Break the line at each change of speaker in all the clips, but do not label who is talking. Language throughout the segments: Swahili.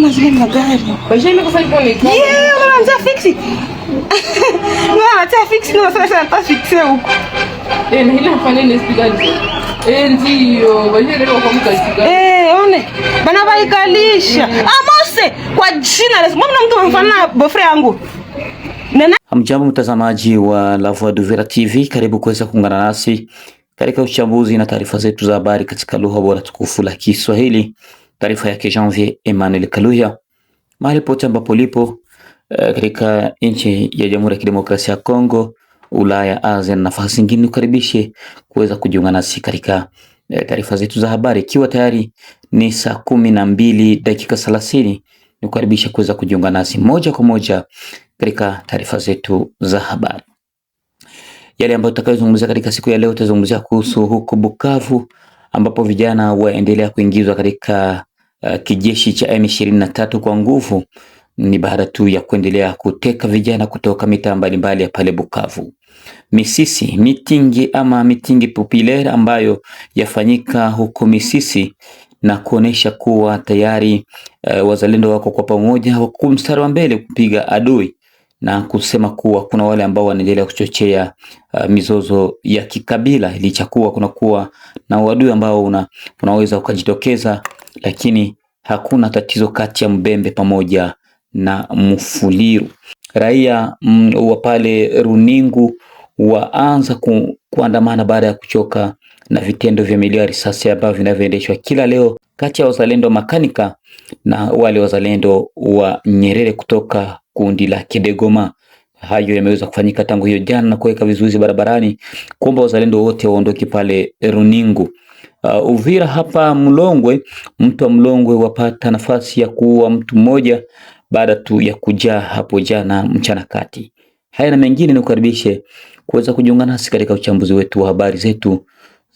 Naona zile magari. gari. ni. Yeye sasa huko.
Eh, na Eh, ndio. leo kwa
Eh, one. Bana baikalisha. Mm. Amose ah, kwa jina la Mungu mtu amfanana bofre yangu.
Hamjambo mtazamaji wa La Voix d'Uvira TV, karibu kuweza kuungana nasi katika uchambuzi na taarifa zetu za habari katika lugha bora tukufu la Kiswahili taarifa yake Janvier Emmanuel Kaluya mahali pote ambapo lipo uh, eh, katika nchi ya Jamhuri ya Kidemokrasia ya Kongo, Ulaya, Asia na nafasi nyingine, nikukaribishe kuweza kujiunga nasi katika uh, taarifa zetu za habari. Ikiwa tayari ni saa kumi na mbili dakika thelathini, ni kuweza kujiunga nasi moja kwa moja katika taarifa zetu za habari. Yale ambayo tutakayozungumzia katika siku ya leo, tutazungumzia kuhusu huko Bukavu ambapo vijana waendelea kuingizwa katika uh, kijeshi cha M23 kwa nguvu ni baada tu ya kuendelea kuteka vijana kutoka mitaa mbalimbali ya pale Bukavu. Misisi mitingi ama mitingi populaire ambayo yafanyika huko Misisi na kuonesha kuwa tayari uh, wazalendo wako kwa pamoja wako mstari wa mbele kupiga adui na kusema kuwa kuna wale ambao wanaendelea kuchochea uh, mizozo ya kikabila ilichakuwa kuna kuwa na uadui ambao una, unaweza ukajitokeza lakini hakuna tatizo kati ya Mbembe pamoja na mfuliru Raia mm, wa pale Runingu waanza ku, kuandamana baada ya kuchoka na vitendo vya milio ya risasi ambavyo vinavyoendeshwa kila leo kati ya wazalendo wa Makanika na wale wazalendo wa Nyerere kutoka kundi la Kidegoma. Hayo yameweza kufanyika tangu hiyo jana na kuweka vizuizi barabarani kuomba wazalendo wote waondoke pale Runingu uh, Uvira hapa Mlongwe, mtu wa Mlongwe wapata nafasi ya kuua mtu mmoja baada tu ya kujaa hapo jana mchana kati. Haya na mengine, ni kukaribishe kuweza kujiunga nasi katika uchambuzi wetu wa habari zetu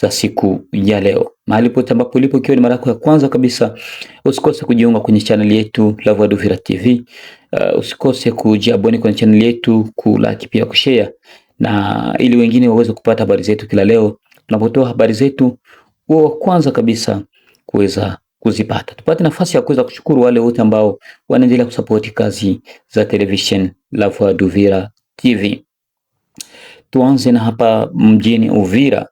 za siku ya leo. Mahali pote ambapo ulipo, ikiwa ni mara yako ya kwanza kabisa, usikose kujiunga kwenye chaneli yetu La Voix d'Uvira TV. Uh, ah, usikose kujiabone kwenye chaneli yetu, ku like pia kushare, na ili wengine waweze kupata habari zetu kila leo tunapotoa habari zetu uwe wa kwanza kabisa kuweza kuzipata. Tupate nafasi ya kuweza kushukuru wale wote ambao wanaendelea kusapoti kazi za television La Voix d'Uvira TV. Tuanze na hapa mjini Uvira.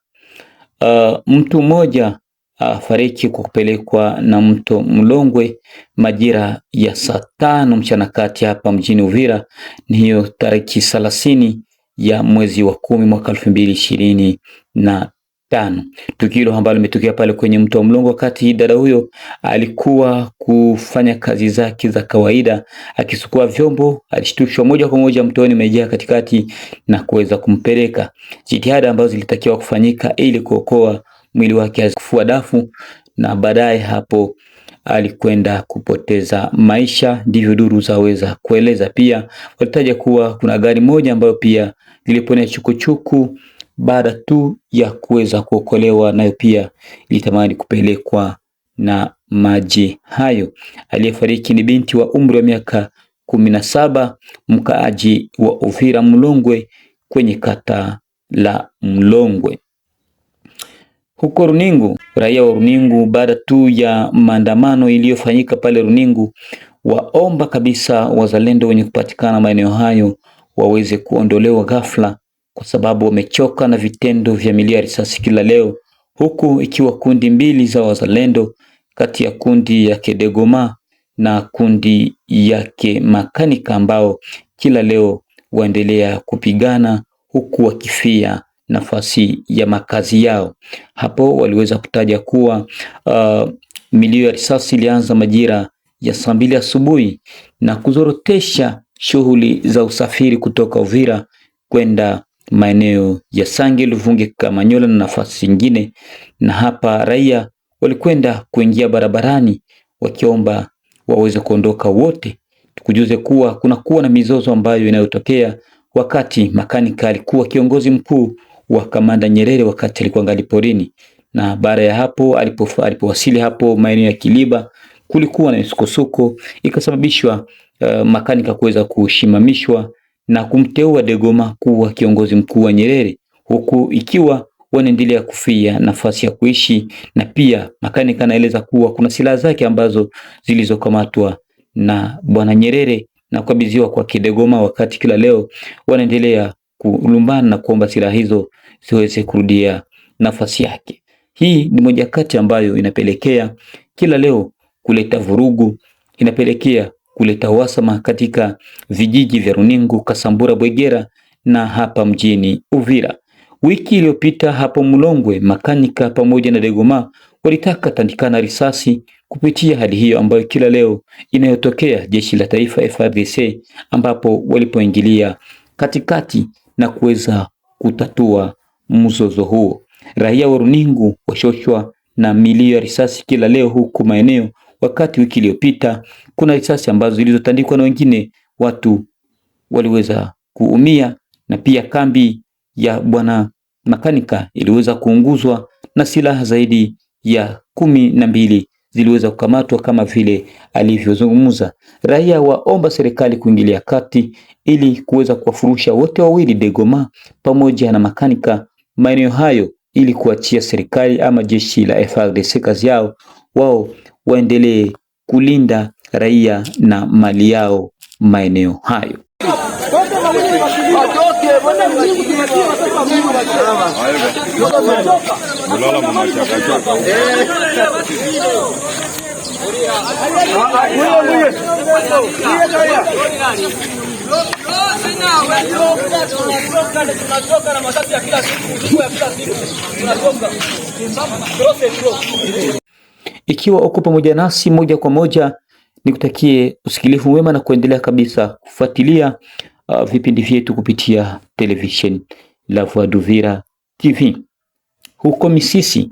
Uh, mtu mmoja afariki uh, kwa kupelekwa na mto Mlongwe majira ya saa tano mchana kati hapa mjini Uvira, ni hiyo tariki thelathini ya mwezi wa kumi mwaka elfu mbili ishirini na Tano, tukio hilo ambalo limetokea pale kwenye mto wa Mlongo wakati dada huyo alikuwa kufanya kazi zake za kawaida akisukua vyombo, alishtushwa moja kwa moja mtoni umejaa katikati na kuweza kumpeleka. Jitihada ambazo zilitakiwa kufanyika ili kuokoa mwili wake asikufua dafu, na baadaye hapo alikwenda kupoteza maisha, ndivyo duru zaweza kueleza. Pia walitaja kuwa kuna gari moja ambayo pia liliponya chukuchuku baada tu ya kuweza kuokolewa, nayo pia ilitamani kupelekwa na maji hayo. Aliyefariki ni binti wa umri wa miaka kumi na saba, mkaaji wa Uvira Mlongwe, kwenye kata la Mlongwe huko Runingu. Raia wa Runingu, baada tu ya maandamano iliyofanyika pale Runingu, waomba kabisa wazalendo wenye kupatikana maeneo hayo waweze kuondolewa ghafla kwa sababu wamechoka na vitendo vya milio ya risasi kila leo, huku ikiwa kundi mbili za wazalendo kati ya kundi yake Degoma na kundi yake Makanika ambao kila leo waendelea kupigana huku wakifia nafasi ya makazi yao. Hapo waliweza kutaja kuwa uh, milio ya risasi ilianza majira ya saa mbili asubuhi na kuzorotesha shughuli za usafiri kutoka Uvira kwenda maeneo ya Sange, Luvungi, Kamanyola na nafasi nyingine, na hapa raia walikwenda kuingia barabarani wakiomba waweze kuondoka wote. Tukujuze kuwa kuna kuwa na mizozo ambayo inayotokea wakati makanika alikuwa kiongozi mkuu wa kamanda Nyerere wakati alikuwa ngali porini, na baada ya hapo alipowasili hapo maeneo ya Kiliba kulikuwa na misukosuko ikasababishwa uh, eh, makanika kuweza kushimamishwa na kumteua de Goma kuwa kiongozi mkuu wa Nyerere, huku ikiwa wanaendelea kufia nafasi ya kuishi. Na pia Makanika anaeleza kuwa kuna silaha zake ambazo zilizokamatwa na bwana Nyerere na kukabidhiwa kwa Kidegoma, wakati kila leo wanaendelea kulumbana na kuomba silaha hizo ziweze kurudia nafasi yake. Hii ni moja kati ambayo inapelekea kila leo kuleta vurugu, inapelekea kuleta uhasama katika vijiji vya Runingu, Kasambura, Bwegera na hapa mjini Uvira. Wiki iliyopita hapo Mlongwe, makanika pamoja na Degoma walitaka tandikana risasi kupitia hali hiyo ambayo kila leo inayotokea jeshi la taifa FRDC, ambapo walipoingilia katikati na kuweza kutatua mzozo huo. Raia wa Runingu washoshwa na milio ya risasi kila leo, huku maeneo wakati wiki iliyopita kuna risasi ambazo zilizotandikwa na wengine watu waliweza kuumia, na pia kambi ya bwana makanika iliweza kuunguzwa na silaha zaidi ya kumi na mbili ziliweza kukamatwa kama vile alivyozungumza. Raia waomba serikali kuingilia kati ili kuweza kuwafurusha wote wawili Degoma pamoja na makanika maeneo hayo ili kuachia serikali ama jeshi la FARDC kazi yao wao waendelee kulinda raia na mali yao maeneo hayo. Ikiwa uko pamoja nasi moja kwa moja, nikutakie usikilifu mwema na kuendelea kabisa kufuatilia uh, vipindi vyetu kupitia television La Voix d'Uvira TV. Huko Misisi,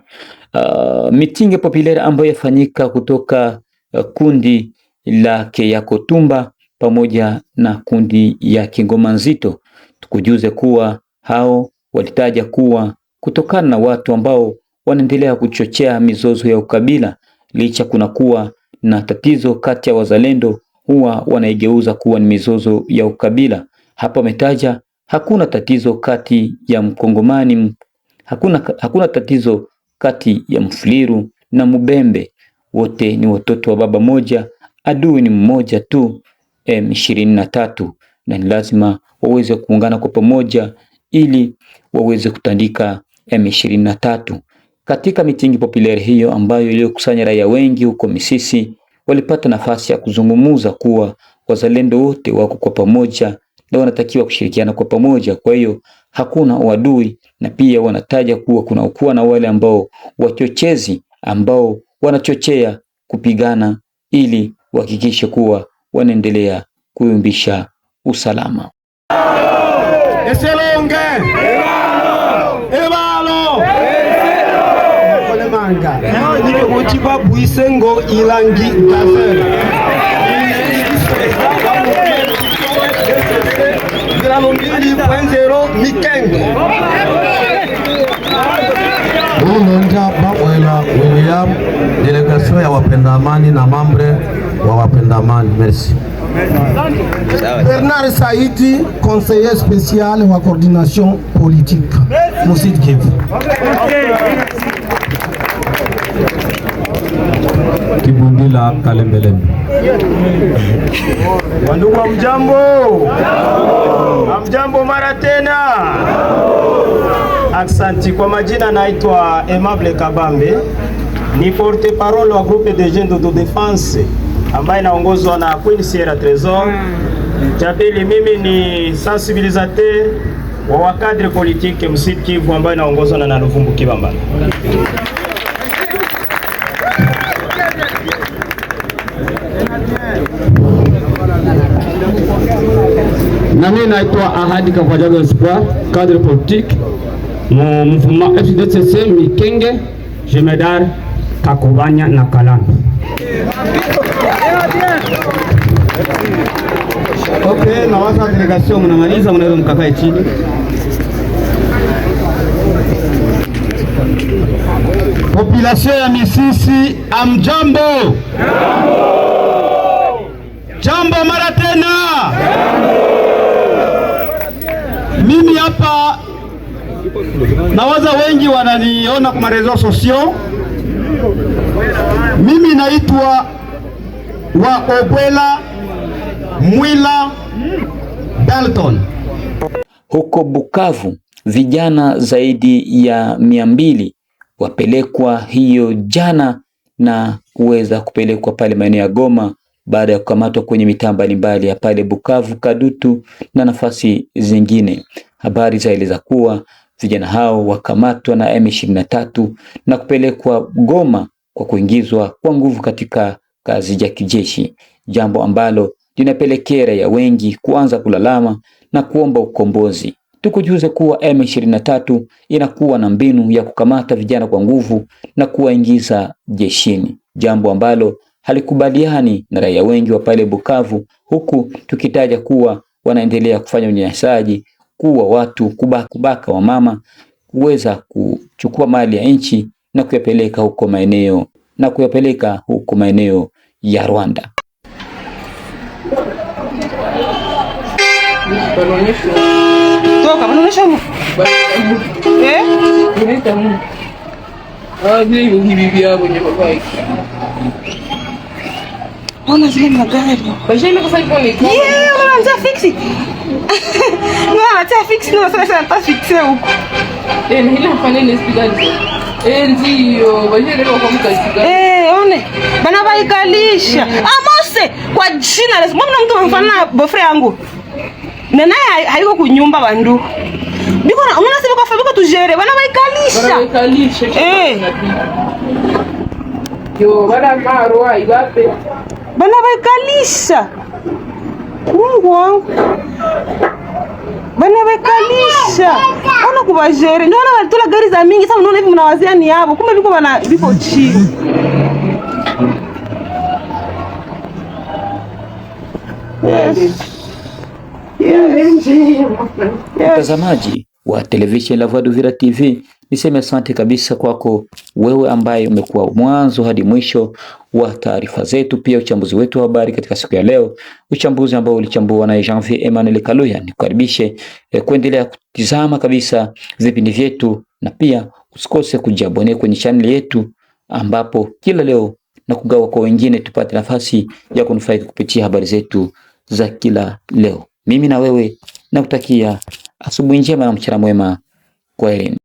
uh, mitinge populaire ambayo yafanyika kutoka uh, kundi la Keyako Tumba pamoja na kundi ya Kingoma Nzito, tukujuze kuwa hao walitaja kuwa kutokana na watu ambao wanaendelea kuchochea mizozo ya ukabila, licha kuna kuwa na tatizo kati ya wazalendo, huwa wanaigeuza kuwa ni mizozo ya ukabila. Hapa ametaja hakuna tatizo kati ya Mkongomani, hakuna, hakuna tatizo kati ya Mfuliru na Mubembe, wote ni watoto wa baba moja, adui ni mmoja tu M23, na ni lazima waweze kuungana kwa pamoja ili waweze kutandika M23. Katika mitingi populaire hiyo ambayo iliyokusanya raia wengi huko Misisi, walipata nafasi ya kuzungumuza kuwa wazalendo wote wako kwa pamoja na wanatakiwa kushirikiana kwa pamoja, kwa hiyo hakuna uadui, na pia wanataja kuwa kuna ukuwa na wale ambao wachochezi ambao wanachochea kupigana ili wahakikishe kuwa wanaendelea kuyumbisha usalama. Motiba Buisengo Ilangi Gazel.
Grano Mbili Pwenzero Mikengo. Unonja Bawela William, délégation ya wapenda amani na mambre wa wapenda amani. Merci. Bernard Saidi, conseiller spécial wa coordination politique. Moussite Give. Okay. Kibundila Kalembelembe.
Wandugu wa mjambo, amjambo mara tena. Aksanti. Kwa majina naitwa Aimable Kabambe, ni porte parole wa groupe de jeunes de defense ambaye naongozwa na Queen Sierra Tresor. Cha mimi ni sensibilisateur wa wakadre politique msikivu ambaye naongozwa na Naluvumbu Kibamba.
na mimi naitwa Ahadi Kavajalo Espoir, cadre politique, mu mouvement FDCC Mikenge, Jemedar, Kakubanya na Kalambi. Okay, na wasa delegation
mnamaliza, mnaweza mkakae chini. Population ya Misisi, amjambo jambo, jambo mara tena jambo. Mimi hapa nawaza wengi wananiona kwa marezo sosio. Mimi naitwa Obwela Mwila Dalton.
Huko Bukavu vijana zaidi ya mia mbili wapelekwa hiyo jana na kuweza kupelekwa pale maeneo ya Goma baada ya kukamatwa kwenye mitaa mbalimbali ya pale Bukavu, Kadutu na nafasi zingine. Habari zaeleza kuwa vijana hao wakamatwa na M23 na kupelekwa Goma kwa kuingizwa kwa nguvu katika kazi ya kijeshi, jambo ambalo linapelekea raia wengi kuanza kulalama na kuomba ukombozi. Tukujuze kuwa M23 inakuwa na mbinu ya kukamata vijana kwa nguvu na kuwaingiza jeshini, jambo ambalo halikubaliani na raia wengi wa pale Bukavu, huku tukitaja kuwa wanaendelea kufanya unyanyasaji, kuwa watu kubaka, kubaka mama kuweza kuchukua mali ya nchi na kuyapeleka huko maeneo na kuyapeleka huko maeneo ya Rwanda.
Mbona zile magari?
Baisha imekufa ipo mikono.
Yeah, mbona fix it? Mbona fix it? Sasa sasa mta fix huko.
Eh, na ile mfano ile speed Eh, ndio. Baisha ile kwa mtu asikia.
Eh, one. Bana baikalisha. Mm. Ah, kwa jina la mbona mtu mfano boyfriend yangu. Na naye hayuko kunyumba bandu. Biko na sasa kwa fabiko tujere. Bana baikalisha. Bana
baikalisha. Eh. Yo, bana maro ibape.
Bana baikalisha Mungu wangu bana baikalisha ona kubajere ndio wana walitola gari za mingi sasa unaona hivi mnawazia ni hapo kumbe viko bana viko chini
Yes. Yes. Yes. Mtazamaji wa televisheni La Voix d'Uvira TV Niseme asante kabisa kwako wewe ambaye umekuwa mwanzo hadi mwisho wa taarifa zetu, pia uchambuzi wetu wa habari katika siku ya leo, uchambuzi ambao ulichambua na Janvier Emmanuel Kaluya. Nikukaribishe eh, kuendelea kutizama kabisa vipindi vyetu, na pia usikose kujiabone kwenye chaneli yetu, ambapo kila leo na kugawa kwa wengine, tupate nafasi ya kunufaika kupitia habari zetu za kila leo. Mimi na wewe nakutakia asubuhi njema na mchana mwema. Kwa heri.